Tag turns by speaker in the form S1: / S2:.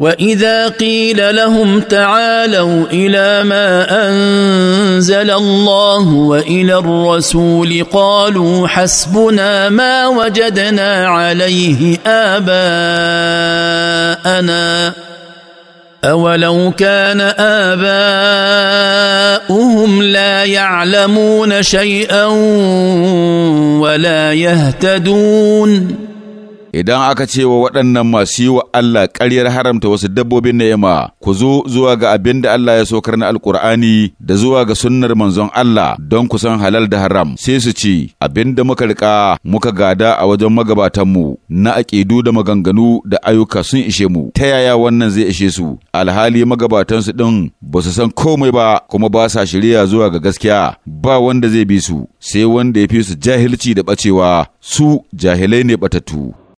S1: واذا قيل لهم تعالوا الى ما انزل الله والى الرسول قالوا حسبنا ما وجدنا عليه اباءنا اولو كان اباؤهم لا يعلمون شيئا ولا
S2: يهتدون Idan aka ce wa waɗannan masu yi wa Allah ƙaryar haramta wasu dabbobin ni'ima, ku zo zuwa ga abin da Allah ya saukar na Alƙur'ani da zuwa ga sunnar manzon Allah don ku san halal da haram, sai su ci abin da muka rika muka gada a wajen magabatanmu na aƙidu da maganganu da ayyuka sun ishe mu. Ta yaya wannan zai ishe su? Alhali magabatan su ɗin ba su san komai ba kuma ba sa shirya zuwa ga gaskiya ba wanda zai bi su sai wanda ya fi su jahilci da ɓacewa
S3: su jahilai ne batatu.